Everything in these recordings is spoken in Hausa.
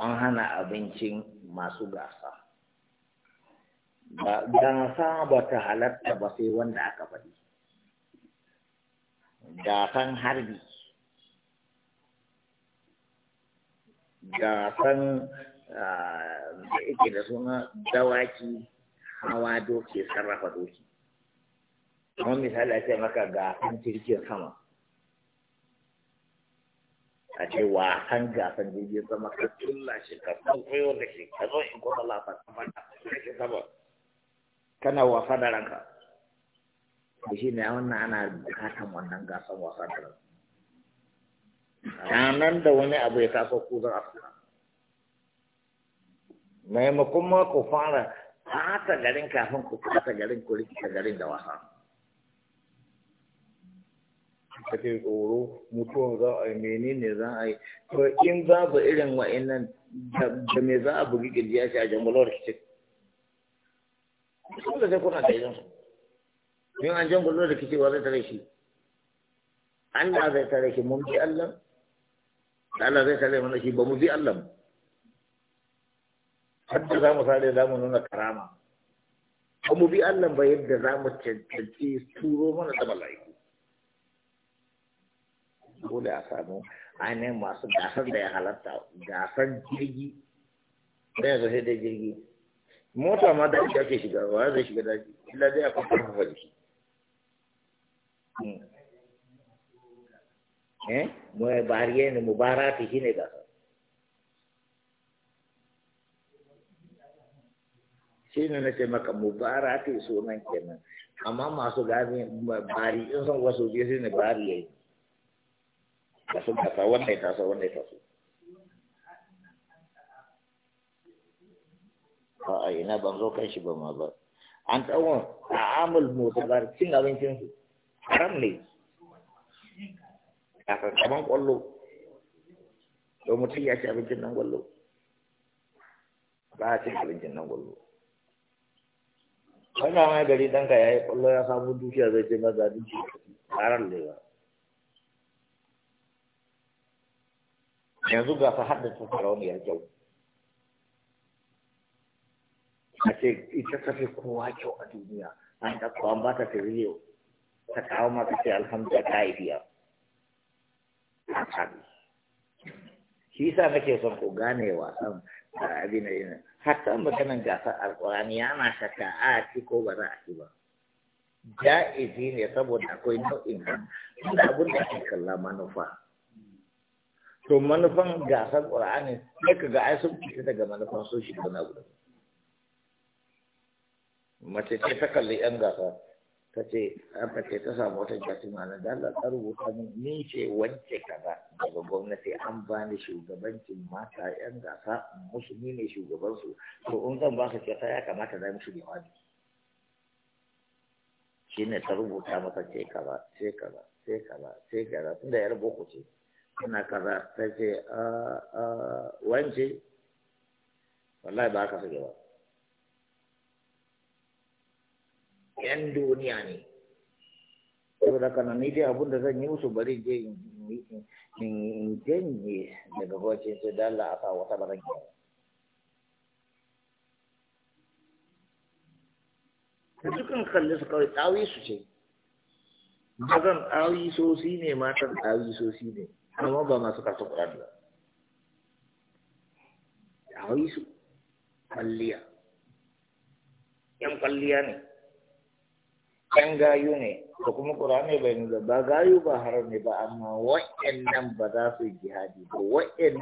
an hana abincin masu gasa gasa ba ta halatta ba sai wanda aka faɗi gasan harbi gasan ah, da yake da suna dawaki hawa doki sarrafa doki kuma misali a ce maka gasan jirgin sama a ce wa wasan gasan jirgin sama ka tulla shi ka san koyo da shi ka zo in kuma lafa sama da shi sama kana wasa da ranka da shi ne wannan ana bukatan wannan gasan wasa da ranka nan da wani abu ya taso ku zan afirka maimakon ma ku fara fata garin kafin ku fata garin ku rikita garin da wasa ake tsoro mutuwan za a yi menene za a yi to in babu irin wa'annan da me za a bugi girgiya shi a jangulo rikicin da sai kuna da su yin an jangulo rikici ba zai tare shi Allah zai tare shi mun bi Allah Allah zai tare mana shi ba mu bi Allah hadda za mu sare za mu nuna karama ba mu bi Allah ba yadda za mu cancanci turo mana da mala'iku dole a samu ainihin masu gasar da ya halatta gasar jirgi zai zo da jirgi mota ma da ake shiga wa zai shiga daji illa dai akwai karfafa jiki hmm. eh mu bariye ne mubarati shine gasa shi ne na ce maka mubarati sunan kenan amma masu gane bari in son wasu je sai ne bari yayi da sun kasa wanda ya taso wanda ya taso a ina ban zo kan shi ba ma ba an tsawon a amul mota mutabar cin abincin su haram ne a kankaman kwallo to mutum ya ci abincin nan kwallo ba a cin abincin nan kwallo wannan mai gari ɗanka ya yi kwallo ya samu dukiya zai ce maza dukiya haram ne ba yanzu ga fa haddasa sarauniyar kyau a ce ita ta fi kowa kyau a duniya an ɗauko an ba ta firiyo ta kawo ta ce alhamdulillah ta yi biya a sabi shi sa nake son ku gane wasan abin da hatta maganan gasar alkurani yana shakka a ci ko ba za a ci ba ja'izi ne saboda akwai nau'in da abin da ake kalla manufa to manufan gasar ƙura'ani sai ka ga ai sun fita daga manufan so shi gona guda mace ce ta kalli yan gasa ta ce ta ce ta samu wata mana na dala ta rubuta min ni ce wance kaza daga gwamnati an ba ni shugabancin mata yan gasa musu ni ne shugabansu to in zan ba ka ce ta ya kamata za mu shi jawabi shi ne ta rubuta masa ce kaza ce kaza ce kaza ce kaza tunda yar boko ce kana kaza ta ce a a wance wallahi ba ka suke ba yan duniya ne saboda kana ni dai abin da zan yi musu bari je in janye daga bacin su dala a kawo wata ba zan Ta da dukkan kalli su kawai tsawi su ce ba tsawi sosi ne matan tsawi sosi ne kalau ba masu kasu ƙurani ba yawai su kwalliya yan kwalliya ne yan gayu ne da kuma ƙurani bai nuna ba gayu ba haram ne ba amma nan ba za jihadi ba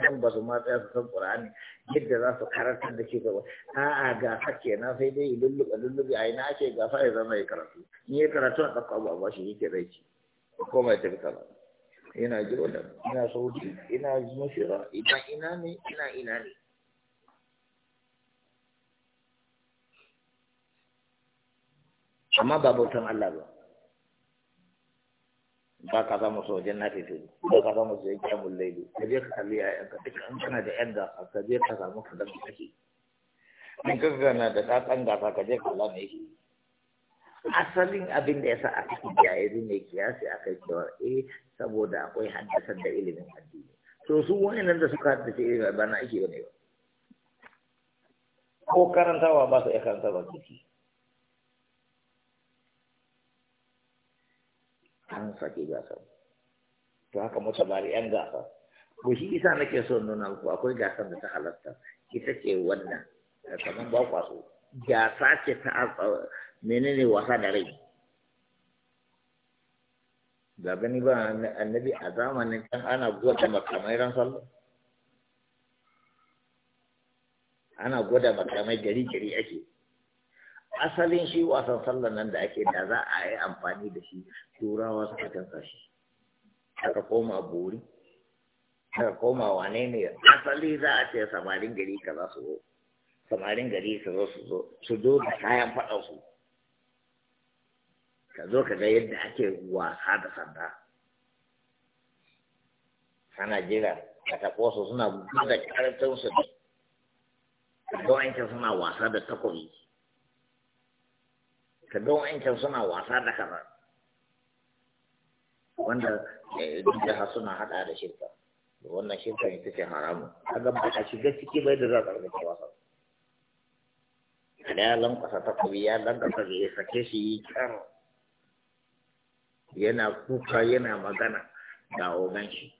nan ba su matsaya su san ƙurani yadda za su da shi gaba a'a gafa kenan sai dai lulluɓa lulluɓi a ina ake gafa ya zama ya karatu ni ya karatu a ɗauka abu a bashi yake zai ci ko mai tafi karatu ina jordan ina saudi ina mashira, ina ina ne ina ina ne amma ba bautan Allah ba ba ka za mu sojan na fito ba ka za mu sojan kyamun lailu ka je ka kalli yayan ka duka an kana da yan gasa ka je ka samu ka dan kake in na da ɗaɗan gasa ka je ka lana yake asalin abin da ya sa aka kiya ya zume kiyasi aka cewa eh saboda akwai haddasar da ilimin addini to su wa'annan da suka haddace ilimin ba na ake bane ba ko karantawa ba su iya karantawa ciki an sake gasa. to haka mutabari yan gasa. ko shi isa nake so nuna muku akwai gasar da ta halatta ita ce wannan kamar ba kwaso gasa ce ta menene wasa da rai da gani ba annabi a zamanin kan ana gwada makamai ran sallah ana gwada makamai gari gari ake asalin shi wasan sallah nan da ake da za a yi amfani da shi turawa su canza shi aka koma bori aka koma wane ne asali za a ce samarin gari ka za su zo samarin gari su zo su zo su zo da kayan su? ka zo ka ga yadda ake wasa da sanda ana jira ka taɓo su suna da ƙarfin su ga wa'ancan suna wasa da takobi ka ga wa'ancan suna wasa da kaza wanda ya yi jiha suna haɗa da shirka wannan shirka ne ce haramu ga ba a shiga ciki bai da za a ta wasa da ya lankwasa takobi ya lankwasa ya sake shi yi kyan yana kuka yana magana da ogan shi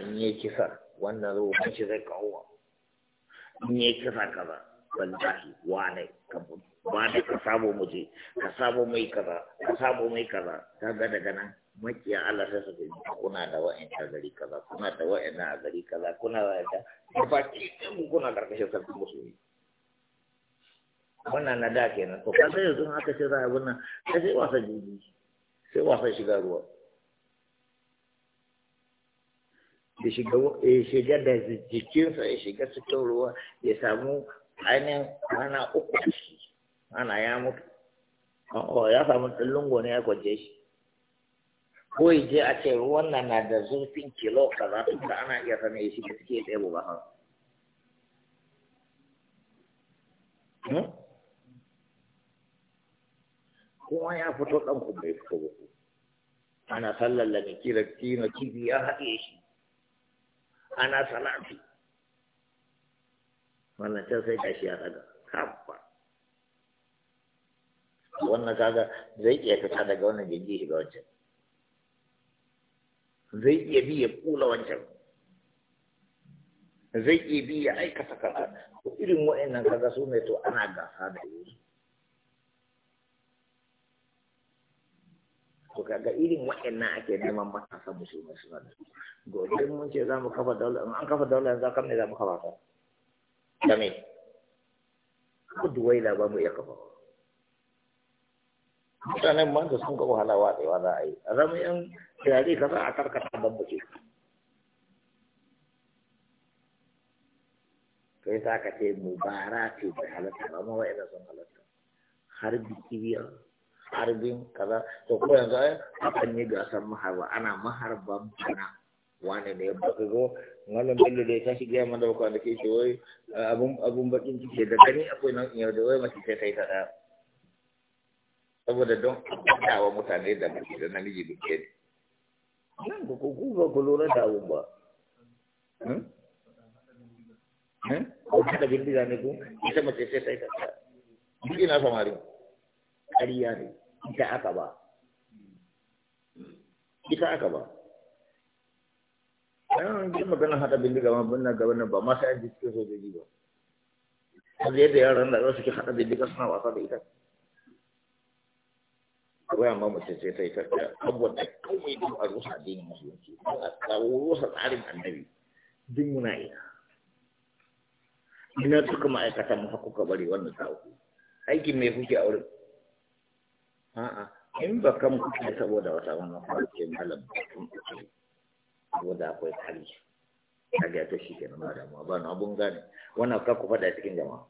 in yi kisa wannan rogan shi zai kawo in yi kisa kaza wallahi wane ba da ka sabo muje ka sabo mai kaza ka sabo mai kaza ta ga daga nan makiya Allah sai su gani kuna da wa'in a gari kaza kuna da wa'in a gari kaza kuna da da baki ɗin kuna karkashin sarkin musulmi wannan na da kenan to ka sai yanzu haka ce za a yi wannan ka sai wasa shi sai wasa shiga ruwa ya shiga ya shiga da jikinsa ya shiga cikin ruwa ya samu ainihin ana uku a ciki ana ya mutu ya samu ɗin ya kwaje shi ko ya je a ruwan na da zurfin kilo kaza tun ana iya sanar ya shiga ciki ya tsaye ba ha kowa ya fito ɗan ku bai fito ba ana sallar da kira kina kifi ya haɗe shi ana salati wannan can sai tashi ya daga kafa wannan kaga zai iya fita daga wannan jirgin shiga wancan zai iya bi ya kula wancan zai iya bi ya aikata kaza irin wa'annan kaga su ne to ana gasa da yi ga kaga irin waɗannan ake neman matasa musulmai suna da su gobe mun ce za mu kafa daula in an kafa daula yanzu kan ne za mu kafa ta da me ko duwaila ba mu iya kafa mutanen ma da sun ga wahala watsewa za a yi a zama yan turare kaza a karkata ban mu ce kai sa ka ce mubara ce bai halatta amma mu wa'ina sun halatta har biki harbin kaza to ko yanzu ai akan yi gasar maharba ana maharban bana wani ne ba ka zo malam bello da ya tashi gaya mana da kwana ke ce wai abun abun bakin kike da kani akwai nan yau da wai mace sai kai ta da saboda don dawa mutane da mace da namiji duke ne nan ku ku ba ku lura da abun ba ko hmm? hmm? kada bindiga ne ku ita mace sai kai ta daya ina samari ƙarya ne ita aka ba ita aka ba ɗan yi magana hata bindiga ma bin na gaba nan ba masu yanzu cikin sojoji ba zai da yaran da za su ki hada bindiga suna wasa da ita a akwai amma mutum sai ta yi ta tafiya saboda kawai don a rusa addinin musulunci don a kawo rusa tsarin annabi duk muna ina ina suka ma'aikata mu hakuka bari wannan ta aikin me kuke a wurin a'a in ba kan kuke saboda wata wannan kwanke malam saboda akwai kari ga ta shi kenan ba damuwa ba na abun gane wannan ka ku faɗa cikin jama'a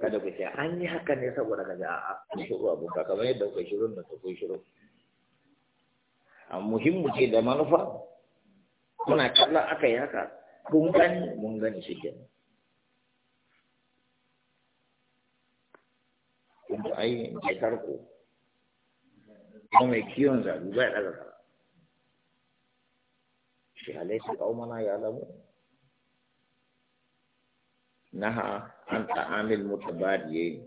kada ku ce an yi haka ne saboda ka ga a shiru abu ka kamar yadda kuka shirin da kuka shiru a muhimmu ce da manufa muna kalla aka yi haka kun gani mun gani shi kenan ai mai tarko Kuma mai kiwon zabi bai daga kara shi halaita kaumana ya lamu naha an ta'amil mutabadiyain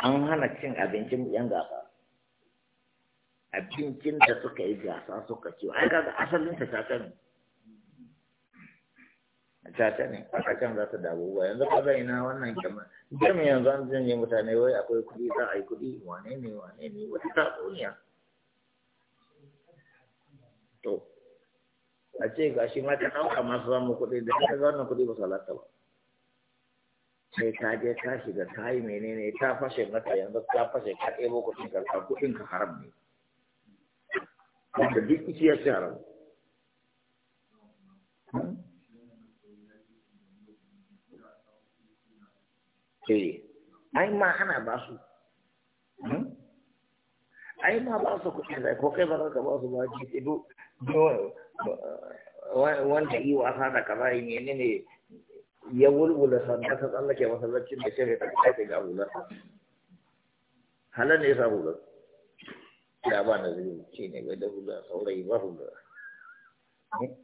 an hana cin abincin yan gaba abincin da suka yi gasa suka ciwo ai kaga asalin ta ta sani caca ne a kacan za ta dawo ba yanzu ka zai na wannan kyamar jami yanzu an janye mutane wai akwai kuɗi za a yi kuɗi wane ne wane ne wata tatsuniya to a ce ga shi mata ɗauka masu zama kuɗi da ka zama kuɗi ba su ba sai ta je ta shiga ta yi menene ta fashe mata yanzu ta fashe ka ɗebo kuɗin ka kuɗin ka haram ne wanda duk ya ci haram hmm? eh ai ma ana ba su hmm? ai ma ba su kuɗin zai ko kai ba za ka ba su ba ji ido wanda yi wasa da kaza yi ne ne ya wulwula sanda ta tsallake masallacin da shirya ta kai ga hular halar ne ya sa hular Ya ba na zai ce ne bai da hular saurayi ba hular hmm?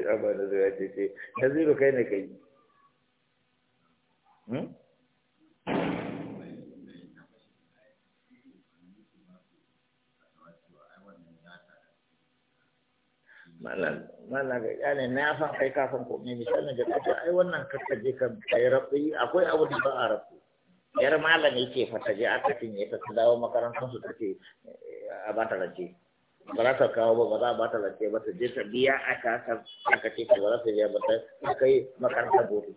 ya ba na zai ce ce na zai kai ne kai Hmm? malam ga yana na san kai kafin san ko ne misalin da kace ai wannan kakka je ka yi rabbi akwai abu da ba a rabu yar malam ce fa ta je aka tinye ta ta dawo makarantar su take eh, a ba ta rance ba za ta kawo ba ba za a ba ta rance ba ta je ta biya aka aka ce ta ba za ta biya ba ta kai makarantar gobe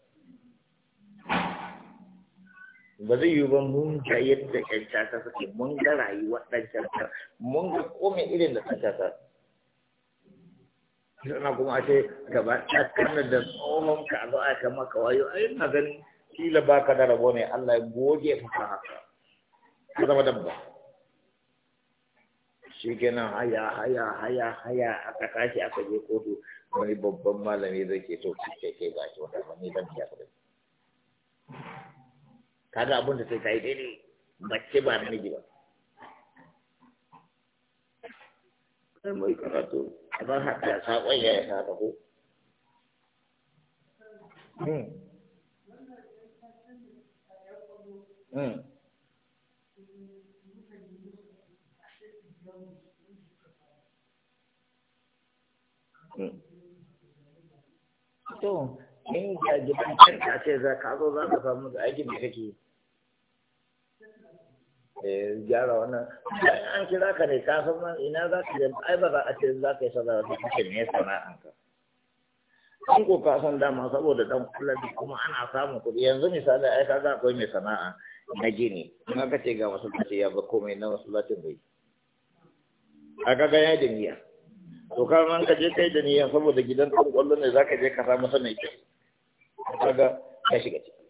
ba zai yi ba mun ga yadda ƴan cata suke mun ga rayuwar ɗan cata mun ga komai irin da ɗan cata na kuma ce gaba tsakanin da tsohon ka zo a kan maka wayo ai na ganin kila ba ka da rabo ne Allah ya goge maka haka ka zama dabba shi kenan haya haya haya haya aka tashi aka je kotu wani babban malami zai ke to ke ke ga shi wata ne dan ya kuɗi kaga abin da sai ta yi daidai mace ba namiji ba sai mai karatu a haka ya hmm. Hmm. Hmm. to in ga gidan kanka ce za ka zo za ka samu da aikin da kake eh gyara wannan idan an kira ka ne ka san ina za ka je ai ba za a ce za ka yi sana'a da kake ne sana'anka an ko ka san dama saboda dan da kuma ana samun kuɗi yanzu misali ai ka za akwai mai sana'a na gini in aka ce ga masallaci ya ba komai na masallacin bai aka ga ya da niyya to ka man ka je kai da niyya saboda gidan ɗan kwallo ne za ka je ka samu sanai kaga ya shiga ciki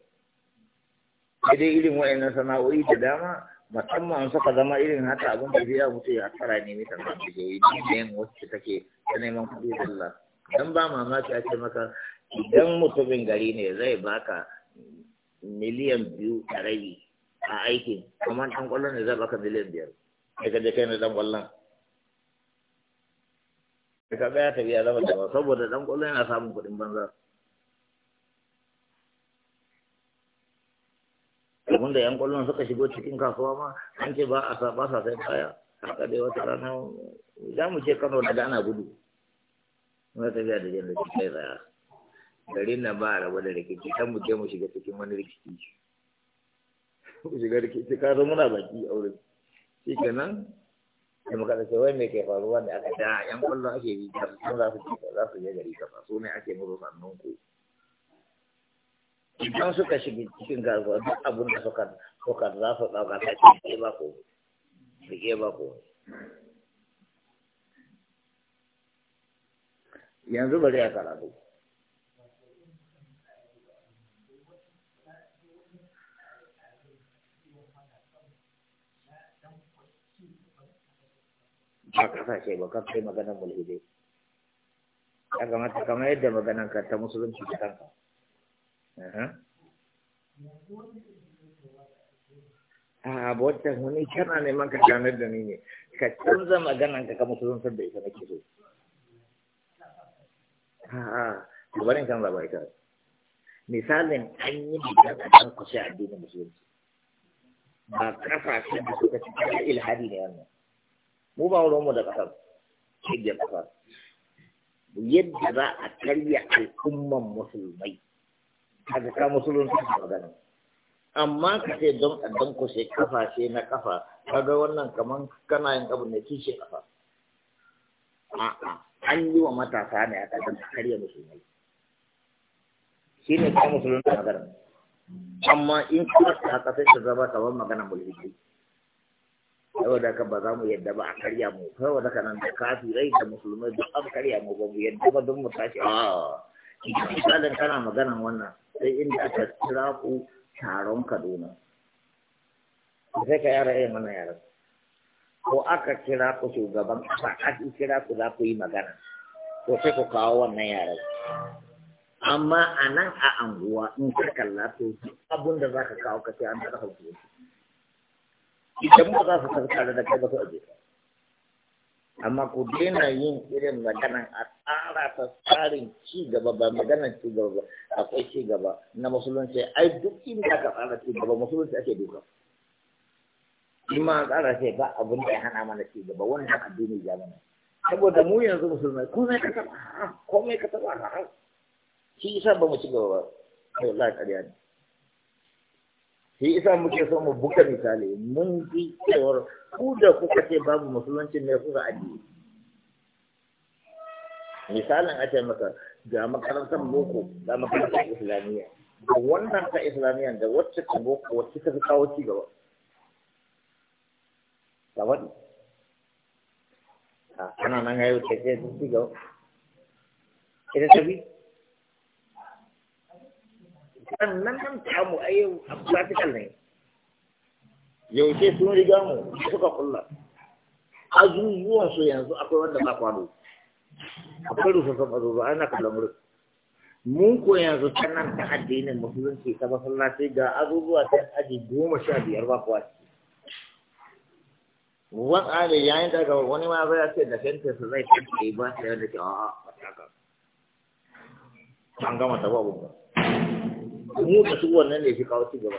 sai dai irin wa'annan sana'o'i da dama musamman suka zama irin haka abin da zai mutu ya tsara ne mai sana'o'i da yi da yin wacce take ta neman kuɗi da Allah dan ba mamaki a ce maka idan mutumin gari ne zai baka miliyan biyu a rabi a aikin kamar ɗan ƙwallon ne zai baka miliyan biyar daga da kai na ɗan ƙwallon ka ɗaya ta biya zama da saboda ɗan ƙwallon yana samun kuɗin banza da yan kwallon suka shigo cikin kasuwa ma an ce ba a sa ba sa sai baya haka dai wata rana za mu ce kano da ana gudu wata tafiya da jan da kai tsaya garin na ba a rabu da rikici kan mu je mu shiga cikin wani rikici mu shiga rikici ka san muna baki a wurin shi kenan da muka da cewa me ke faruwa da aka da yan kwallon ake yi da sun za su je gari kafa su ne ake musu sannan ku idan suka shiga cikin garkuwa duk abin da suka suka za su ɗauka ta ce ke ba ko ke ba ko yanzu bari a karatu ba kasashe ba kan kai maganar mulhidai ya kamata kamar yadda maganar ka ta musulunci ta kanka a wancan wani kana neman ka ganar da ni ne ka canza maganan ka kama kusantar da ita nake so a'a to barin kan zaba ita misalin an yi a dan kushe addinin musulunci ba kafa shi da suka ci kai ilhadi ne wannan mu ba wurin mu da kasar cikin kasar yadda za a karya al'umman musulmai kaga ka musulunci da magana amma ka ce don addan kushe kafa ce na kafa kaga wannan kaman kana yin abu ne kishe kafa a'a an yi wa matasa ne a ƙasar karya musulmai shi ne ka musulun da magana amma in kuma ta haka sai ta zama kamar magana mulki da ka ba za mu yadda ba a karya mu saboda ka nan da kafirai da musulmai duk an karya mu ba mu yadda ba don mu tashi a idan misalin kana maganan wannan sai inda aka kira ku taron kaduna sai ka yara yin eh, wannan yaran ko aka kira ku shugaban kasa aka kira ku za ku yi magana to sai ku kawo wannan yaran amma a nan a anguwa in ka kalla to abin da za ka kawo ka ce an taɓa hauki idan ba za su karkara da kai ba su ajiye amma ku daina yin irin maganan a tsara ta tsarin ci gaba ba maganan ci gaba ba akwai ci gaba na musulunci ai duk inda aka tsara ci gaba musulunci ake duka in ma tsara ce ba abin da ya hana mana ci gaba wannan addini ya mana saboda mu yanzu musulmai komai ka taba komai ka taba ka shi yasa ba mu ci gaba ba wallahi ƙarya ne shi isa muke so mu buka misali mun ji cewar ku da kuka ce babu musulunci ne kuka addini misalin a ce maka ga makarantar boko ga makarantar islamiyya da wannan ta islamiyya da wacce ta boko wacce ta fi kawo ci gaba ta wani ana nan ya yi wuce ce ci gaba ita ta bi sannan nan tamu a yau a practical ne yaushe sun riga mu suka kulla azuzuwan su yanzu akwai wanda ba kwado akwai rufafan azuzuwa ana kallon wurin mun ko yanzu sannan ta addinin musulunci ta masallaci ga azuzuwa ta aji goma sha biyar ba kwa ce wani tsari yayin da ga wani ma zai ce da fentin su zai fentin ba ta da ke a a an gama ta babu ba mu da su wannan ne fi kawo cigaba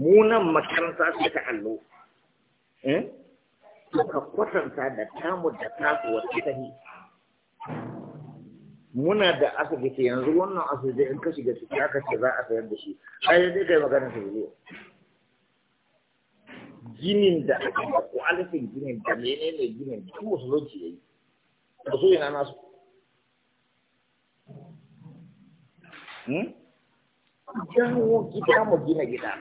mu nan makaranta su ta allo eh? ka kwatanta da tamu da tasu wacce ta muna da asibiti yanzu wannan asibiti in ka shiga ciki aka ce za a sayar da shi ai zai kai magana ta zuwa ginin da aka da kwalifin ginin da menene ginin duk ya yi da so yana nasu Hmm? jawo gida mu gina gida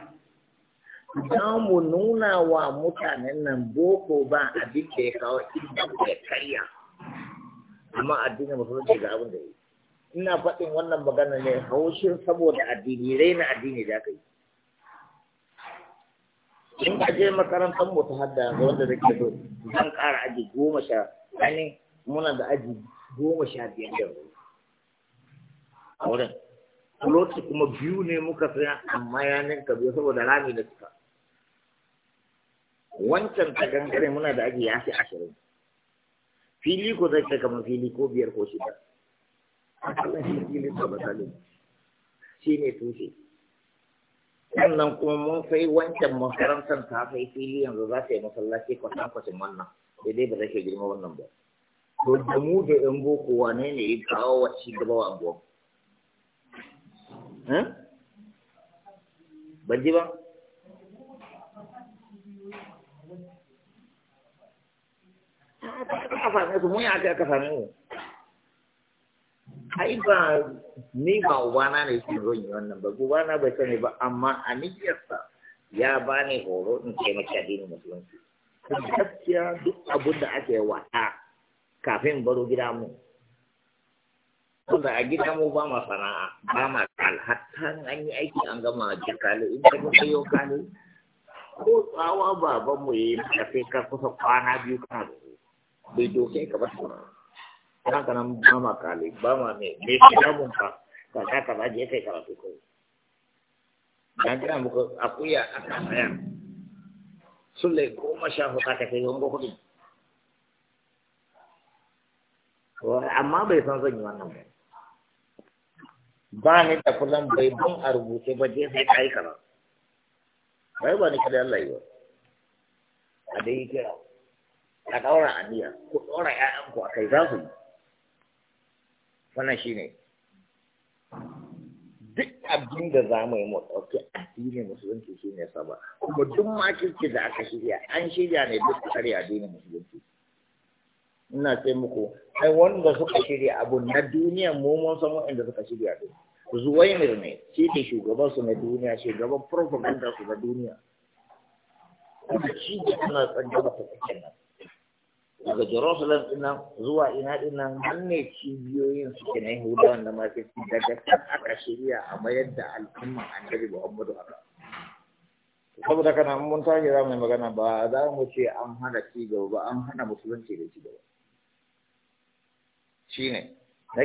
za mu nuna wa mutanen nan boko ba abin da ya kawo inda ya karya amma addini musulunci ga abin da yi ina faɗin wannan magana ne haushin saboda addini raina addini da aka yi in ka je makarantar mu ta hadda ga wanda da ke zan ƙara aji goma sha yani muna da aji goma sha biyar da a wurin kuloti kuma biyu ne muka saya amma ya ninka biyu saboda rami da suka wancan ta gangare muna da ake yafi ashirin fili ko zai kai kamar fili ko biyar ko shida asalin shi fili ko basali shi ne tushe sannan kuma mun sai wancan makarantar ta sai fili yanzu za ta yi masallaci kwatankwacin wannan daidai ba zai ke girma wannan ba to da mu da yan boko wane ne ya kawo wa ci gaba wa anguwan ban ji ba mun yi mu ba ni ba ubana ne shi zo yi wannan ba ubana bai sani ba amma a niyyarsa ya ba ni horo in taimaki addinin musulunci gaskiya duk abin da ake wata kafin baro gida mu wanda a gida mu ba ma sana'a an yi aiki an gama jikali in kali ko tsawa baban mu yayi maka sai ka kusa kwana biyu kana bai ka kali ba ma ka ka ka ka je kai karatu ko dan kana muku akuya a kan saya sulle goma sha hudu ka kai amma san zan yi wannan ba ba ni da kullum bai ban a rubuce ba je sai yi kaza bai ba ni kada Allah yi ba a dai kira a daura aniya ku daura ƴaƴan ku kai za su yi wannan shine duk abin da za mu yi mu ɗauki addinin musulunci shine saba kuma duk makirci da aka shirya an shirya ne duk tsari addinin musulunci ina ce muku ai wanda suka shirya abu na duniya mu mun san wanda suka shirya din Zuwaimir ne shi ne shugaban su na duniya shugaban propaganda su na duniya kuma shi ne ana tsangaba da cikin nan daga Jerusalem din nan zuwa ina din nan nan ne cibiyoyin su ke na Yahudawan da masu daga can aka shirya a mayar da al'umman ba Muhammadu haka saboda kana mun tashi za mu yi magana ba za mu ce an hana ci gaba ba an hana musulunci da ci gaba shine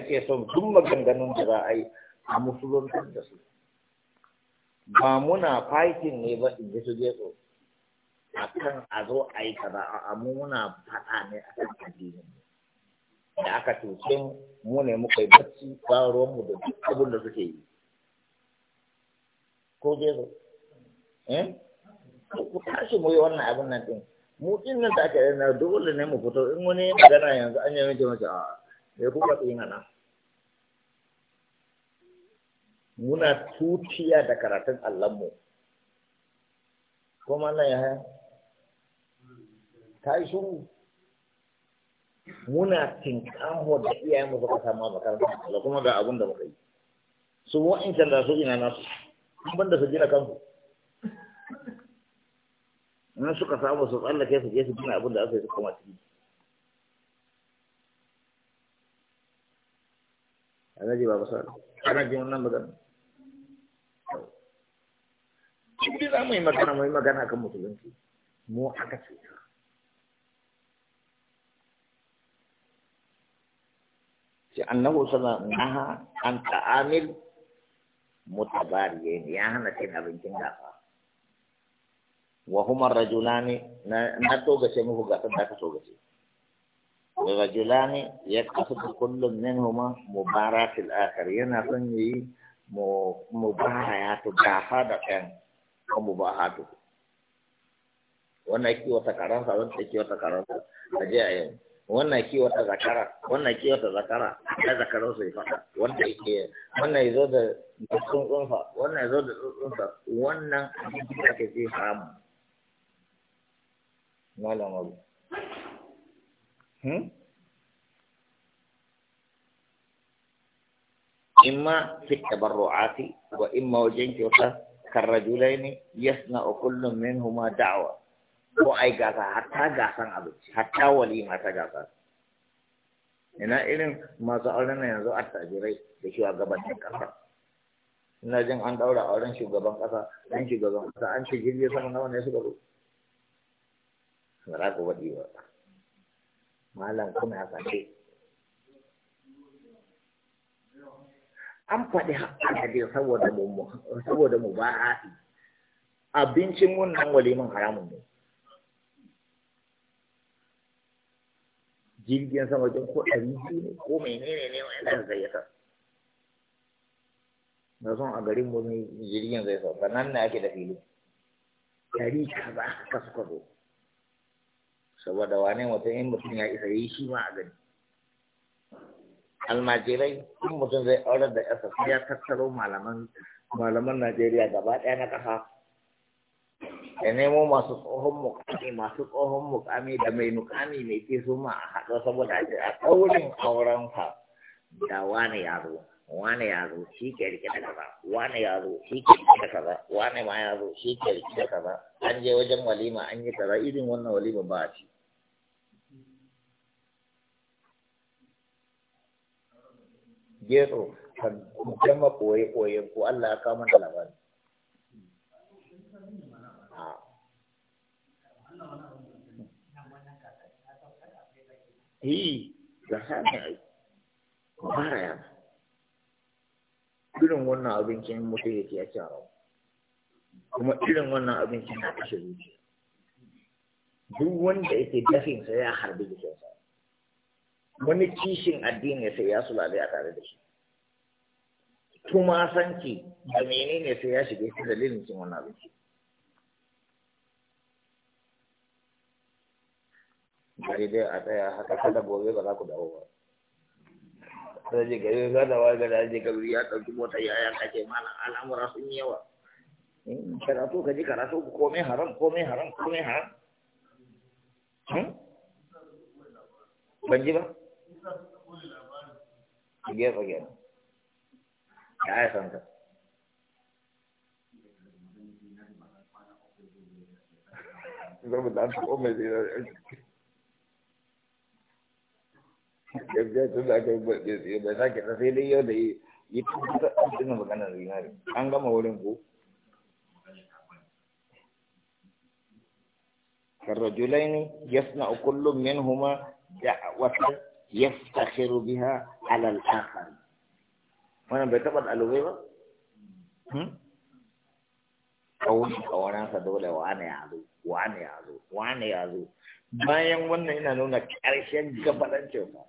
ke son duk maganganun da za a yi a musuluntar da su ba muna fighting ne ba in ji su so a kan a zo a yi kaza a mu muna faɗa ne a kan addinin mu da aka cuce mu ne muka yi bacci ba ruwan mu da duk abin da suke yi ko so eh ku tashi mu yi wannan abin nan din mu din nan da aka yi na dole ne mu fito in wani magana yanzu an yi mace mace a me kuka tsinana muna tutiya da karatun Allahnmu kuma na ya ta yi shuru muna tinkaho da iyayenmu suka samu makaranta da kuma ga abin da muka yi su in da su ina nasu an banda su gina kansu in suka samu su tsallake su je su gina abun da aka yi su kuma ciki alhaji ba kusa ana jin wannan magana cikin za mu yi magana mu yi magana kan musulunci mu aka ce sai annahu sallallahu alaihi an ta'amil mutabariyin ya hana cin abincin gafa wa huma rajulani na togace muku gasar da aka togace rajulani ya kasu da kullum min huma mubaratil akhar yana son yi mubarayatu gafa da kan mubahatu wannan kiwata karansa wannan kiwata karansa a je a yau wannan wata zakara wannan wata zakara ya zakarar sai yi wannan wanda yake wannan yazo da tsuntsunsa wannan yazo da tsuntsunsa wannan abin ake ce haramun malam إما في التبرعات وإما وجين كيوتا min huma كل منهما دعوة وأي Hatta حتى abinci, hatta حتى وليمة gasa. ina irin masu auren na yanzu attajirai da shugabannin ƙasa ina jin an ɗaura auren shugaban ƙasa ɗan shugaban ƙasa an ce jirgin sama na wani suka zo ba malam kuma ya faɗe an faɗi haɗe saboda mu saboda mu ba haɗi abincin wannan walimin haramun ne jirgin sama wajen ko ɗari biyu ne ko menene ne wanda zai yasa na son a garin mu jirgin zai sauka nan ne ake da fili ɗari ba haka suka zo saboda wane mutum in mutum ya isa yi shi ma a gani almajirai in mutum zai aure da yasa ya tattaro malaman malaman najeriya gaba ɗaya na ƙasa ya nemo masu tsohon mukami masu tsohon mukami da mai mukami mai ke su ma a haɗa saboda a ɗaurin auren ka da wane yaro, wani wane shi ke rike da kaza wane yaro, shi ke rike da kaza wane ma yaro, shi ke rike da kaza an je wajen walima an yi kaza irin wannan walima ba a ci gero ka jama koye koye ko Allah ya kama da labari ah. Hi, da hana ba ya irin wannan abincin mutum yake ya cewa kuma irin wannan abincin na kashe zuciya duk wanda yake dafinsa ya harbi jikinsa wani kishin addini sai ya sulale a tare da shi tumasanci da menene sai ya shiga shi dalilin cin wannan abinci gari dai a tsaya haka kada gobe ba za ku dawo ba sai je gari za da waje da je gari ya ɗauki mota ya ya kace malam al'amura sun yi yawa karatu ka ji karatu komai haram komai haram komai haram hmm? ban ji ba a gefe ya da an taɓa mai zai gaskiya tun da aka yi bai sake ta sai dai yau da yi yi maganar zinari an gama wurin ko فالرجلين يصنع كل منهما يفتخر بها على الآخر وانا بيتبط ألوغي با قوش قوانا سدولة وانا يعدو وانا يعدو وانا يعدو ما ينون إنا نونا كارشيا قبلا جوفا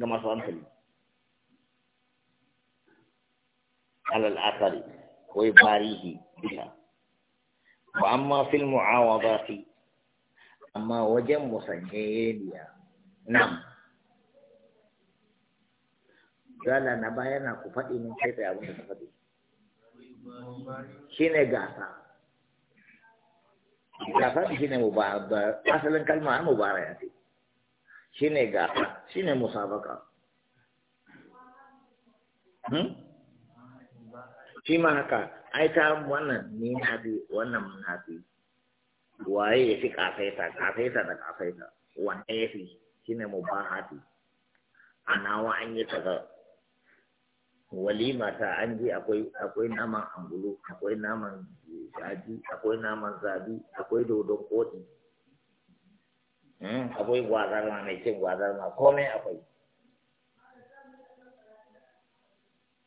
كما سوان على الآخر ويباريه بها وأما في المعاوضات أما وجم مسنين نعم Yala na baya na ku faɗi min kai tsaye abin da ka faɗi. Shi ne gasa. Gasa shi ne mubaraya, asalin kalma an mubaraya ce. Shi ne gasa, shi ne musabaka. Hmm? Shi ma haka, ai ta wannan ni na fi, wannan mun na fi. Waye ya fi kafaita, kafaita da kafaita, wanne ya fi, shi ne hafi A nawa an yi kaza. walima ta an je akwai akwai naman angulu akwai naman shaji akwai naman zabi akwai dodon koɗi hmm, akwai gwazarma ma mai cin gwazarma ma komai akwai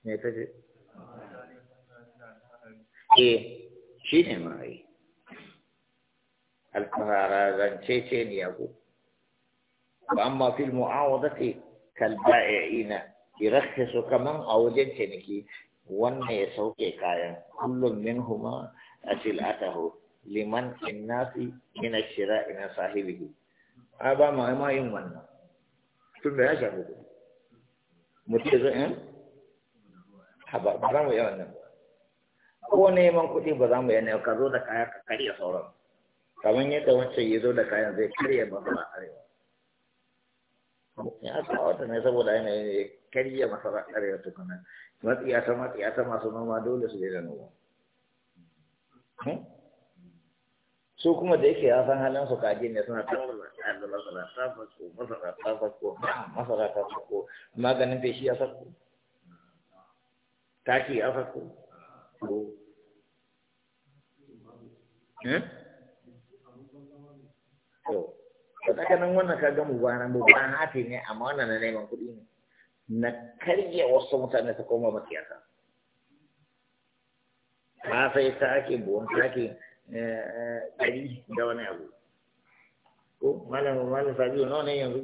me ta ce ke eh, shi ne ma ai alfahara zance ce ne ya ku ba amma ce. mu'awadati ya ina su kaman a wajen ciniki wannan ya sauke kayan kullum min huma a silatahu liman innafi ina shira ina sahibihi a ba ma ma yin wannan tun da ya shafi ku mutum zai in haba ba za mu yi wannan ko neman kuɗi ba za mu yi ka zo da kaya ka karya sauran kamar yadda wancan ya zo da kayan zai karya ba ba arewa ya kawo ta ne saboda yanayin ya karya masara tukuna matsiyata matsiyata masu noma dole su da noma su kuma da yake ya san halin su kaji ne suna a da maganin feshi ya fasko taki ya fasko daga nan wannan ka ga mubana mubana hafi ne amma wannan na neman kuɗi ne na karya wasu mutane su koma kiyasa ba sai ta ake buwan ta ake eh, eh, ɗari da wani abu ko malam malam sabiu nawa ne yanzu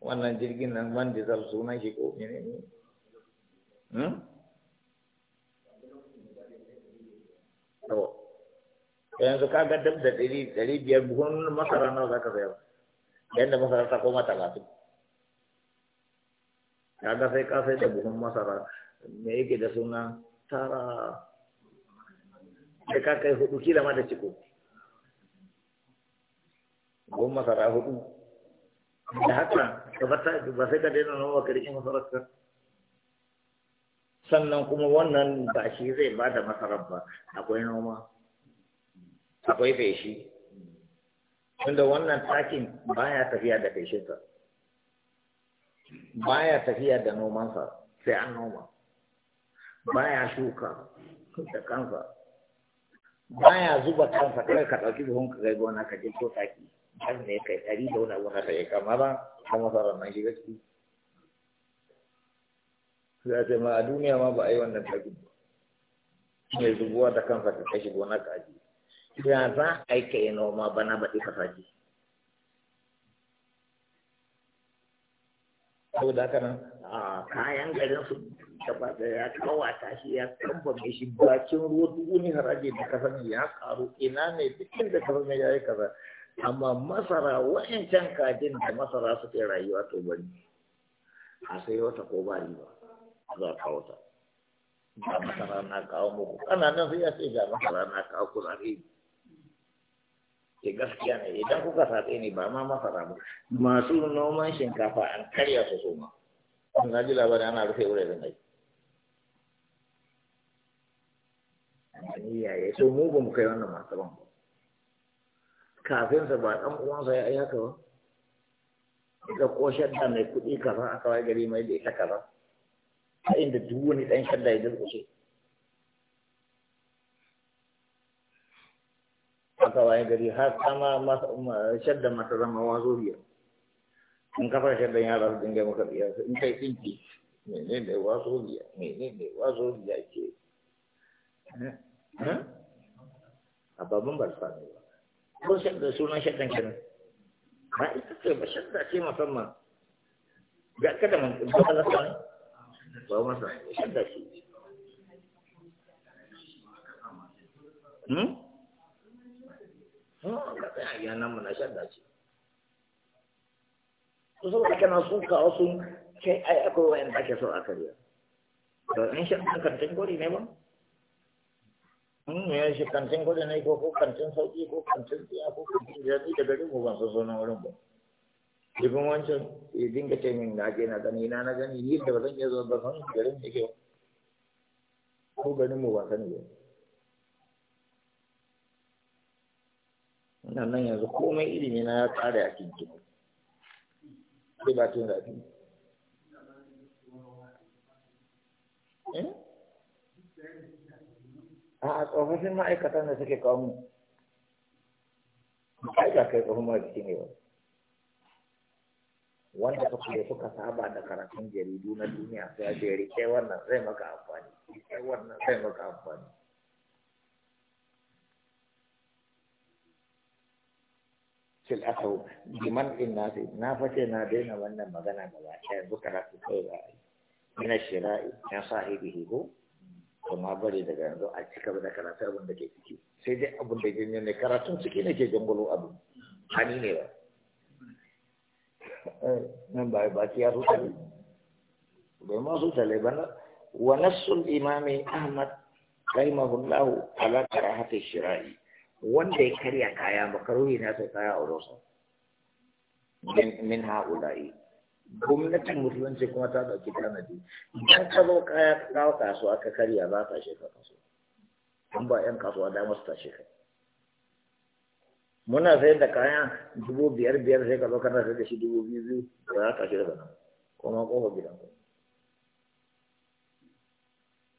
wannan jirgin nan man diesel sunan shi ko ne ne. Hmm? yanzu ka ga dab da ɗari ɗari biyar buhun masara nawa za ka sayar yadda masara ta koma talatin ka ga sai ka sai da buhun masara me yake da suna tara sai ka kai hudu kila ma da ciko buhun masara hudu da haka ba sai ka daina nawa ka riƙe masarar ka sannan kuma wannan ba shi zai ba da masarar ba akwai noma akwai feshi tunda wannan takin baya tafiya da feshinsa baya tafiya da nomansa sai an noma baya shuka da kansa baya zuba kansa kai ka ɗauki buhun ka kai gona ka je taki har ne kai ɗari da wani abun ka yi kama ba ta masarar nan shi gaski. za ta ma a duniya ma ba a yi wannan taki ba mai zubuwa da kansa ka kai shi gona ka ajiye ya za a yi ka yi noma bana baɗi ka sake saboda haka kayan garin su gaba da ya kawata shi ya kambame shi bakin ruwa duk wani haraji da kasan ya karu ina ne inda da kasan ya yi kaza amma masara wa'ancan kajin da masara suke rayuwa to bari a sai wata ko ba riba za ka wata ga masara na kawo muku kananan sai ya ce ga masara na kawo kurare ke eh, gaskiya ne idan kuka satse ne ba ma masa ramu masu noman shinkafa an karya su soma an gaji labarin ana rufe wurin aiki niyya ya so mu ba mu kai wannan masu ba kafin ba dan uwansa ya aika ba da ko shadda mai kuɗi kaza a kawai gari mai da ita kaza a inda duk wani ɗan shadda ya dinka aka waye gari har kama shadda mata zama wazo biyar in kafa shaddan yara su dinga maka biyar in kai tsinki mene ne wazo biyar mene ne wazo biyar ke a eh? babban eh? ba su ne ba ko shadda sunan shaddan kenan ba ita ce ba shadda ce musamman ga kada mun ba Allah san ba masa shadda ce Hmm? sai a iya nan mana shan dace su sau da kana suka wasu kai ai akwai wayan da ake so a karya domin shan da kantin gori ne ba hmm, ya shi kantin gori ne ko kantin sauki ko kantin tsiya ko kantin jirgi da gari ko ban san sunan wurin ba jibin wancan ya dinga ce min da ake na gani na na gani ni da ba zan iya zo ba san garin da ke ko garin mu ba sani ba nan nan yanzu komai ilimi na ya tsara a cikin sai ba tun zafi a a tsofaffin ma'aikatan da suke kawo mu ma'aika kai tsohon ma'aikaci ne ba wanda suka da suka saba da karatun jaridu na duniya sai a jere kai wannan zai maka amfani kai wannan zai maka amfani fil asau liman din nasi na fashe na daina wannan magana da ba ta yanzu karatu kai ba ina shira'i ya sahibi ko amma bari daga yanzu a cika da karatu abin da ke ciki sai dai abin da ke ne karatun ciki ne ke jangolo abu hani ne ba eh, nan ba ba ya su tare bai ma su tare ba na wa nassul imami ahmad rahimahullahu ala karahati shira'i wanda ya karya kaya makaruhi na sai kaya a rosa min ha'ula'i gwamnatin musulunci kuma ta ɗauki tanadi idan ka zo kaya ka kawo kasuwa ka karya za ta shi ka kaso an ba 'yan kasuwa damar masu ta shi ka muna sayar da kaya dubu biyar biyar sai ka zo kana sai da shi dubu biyu biyu ba za ka shi daga nan kuma kofa gidan ku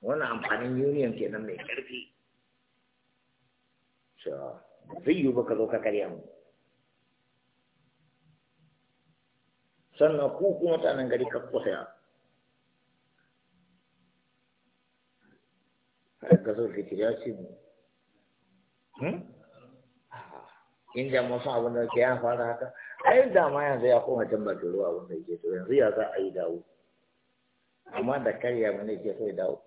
wannan amfanin union kenan mai ƙarfi cewa zai yi baka zo ka karya mu sannan ku kuma nan gari ka kusa ka zo fitira ce mu hmm? inda masu abin da ke ya fara haka a yin dama yanzu ya koma can bakin ruwa abin da ke to yanzu ya za a yi dawo amma da karya mana ke so ya dawo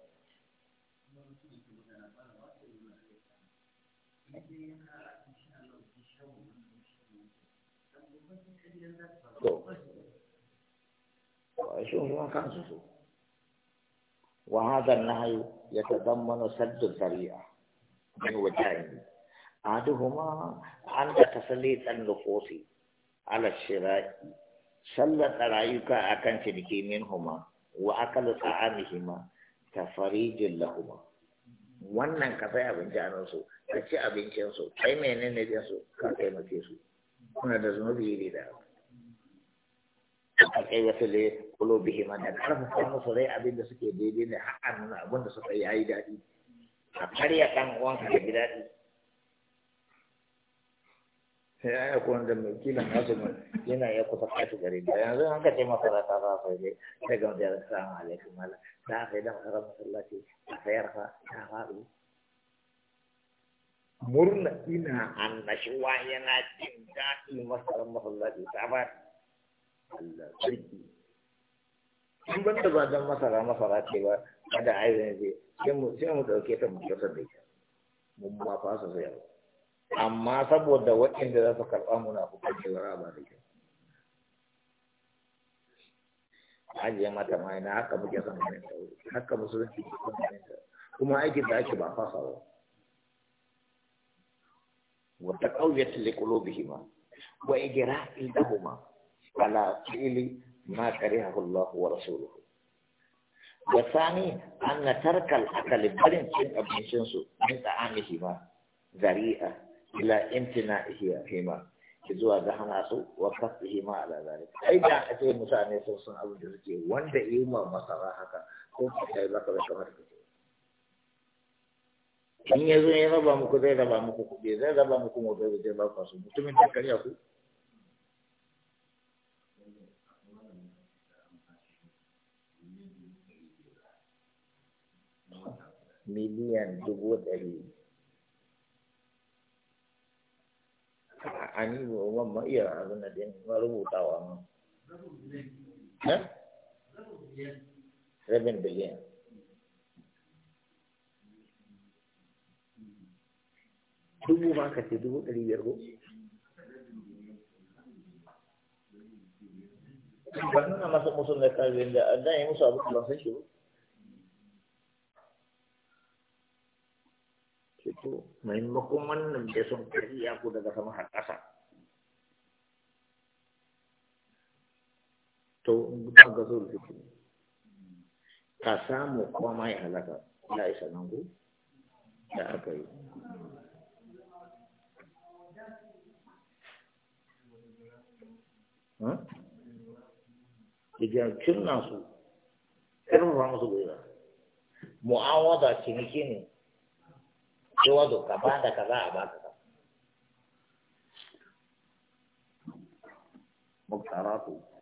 tọ ọṣọ ni wọn kàn sọsọ wàhálà náà yàtọ dánmọnà sẹdọ dàríà ní wọjà yìí àdúgbò an da tasalli dan da kofi ala shira'i sallata rayuka akan cinike min huma wa akalu ta'amihi ma tafarijin lahuma wannan ka sai abinci a su ka ci abincin su kai menene ne su ka kai mace su kuna da zunubi ne da alƙayyata da kulobihi ma da ƙarfafa musu dai abin da suke daidai ne har nuna abin da suka yi yayi daɗi a karya ɗan wanka da gida sai ya yi kuwan da mai kilan nasu mai yana ya kusa kashi gare da yanzu an ka ce masa da ta zafa ne sai ga mutum ya samu alaikum mala ta sai da masarar masallaci a sayar ta faɗo murna ina annashuwa yana jin daɗi masarar masallaci ta faɗi Allah sarki in da ba dan masara masara ce ba kada a yi ce sai mu sai mu dauke ta mu kyautar da ita mun ma fasa sayarwa amma saboda waɗanda za su karɓa muna kuka wara ba da kyau ajiye mata ma ina haka muke son ganin ta haka musulunci ce son ganin ta kuma aikin da ake ba fasa ba wata ƙauyatul ma. wa igra'il lahumma على فعل ما كرهه الله ورسوله والثاني أن ترك الأكل بلن شن أبن شنسو من طعامهما ذريئة إلى امتنائه فيما zuwa ga hana su wa kafihi ma ala zalik da a ce mutane sun san abin suke wanda yi ma masara haka ko kai baka da kamar ka ce in ya zo ya raba muku zai raba muku kuɗi zai raba muku motar da zai ba ku mutumin da miliyan dubu ɗari ani ban ma iya abin da din ma rubutawa eh? ma rabin biliyan dubu ba ka ce dubu ɗari biyar ko ba nuna masa musu na karbin da an yi musu abu da ba shi ba itu main wannan da sun kariya aku daga sama har ƙasa to ba ga zo fito ka samu kuma ya halaka ya isa nan ku da aka yi Idan cin nasu, ƙarfafa musu gwiwa, mu'awada kini-kini. iwado ka ba da kaza a baka ka muktaratu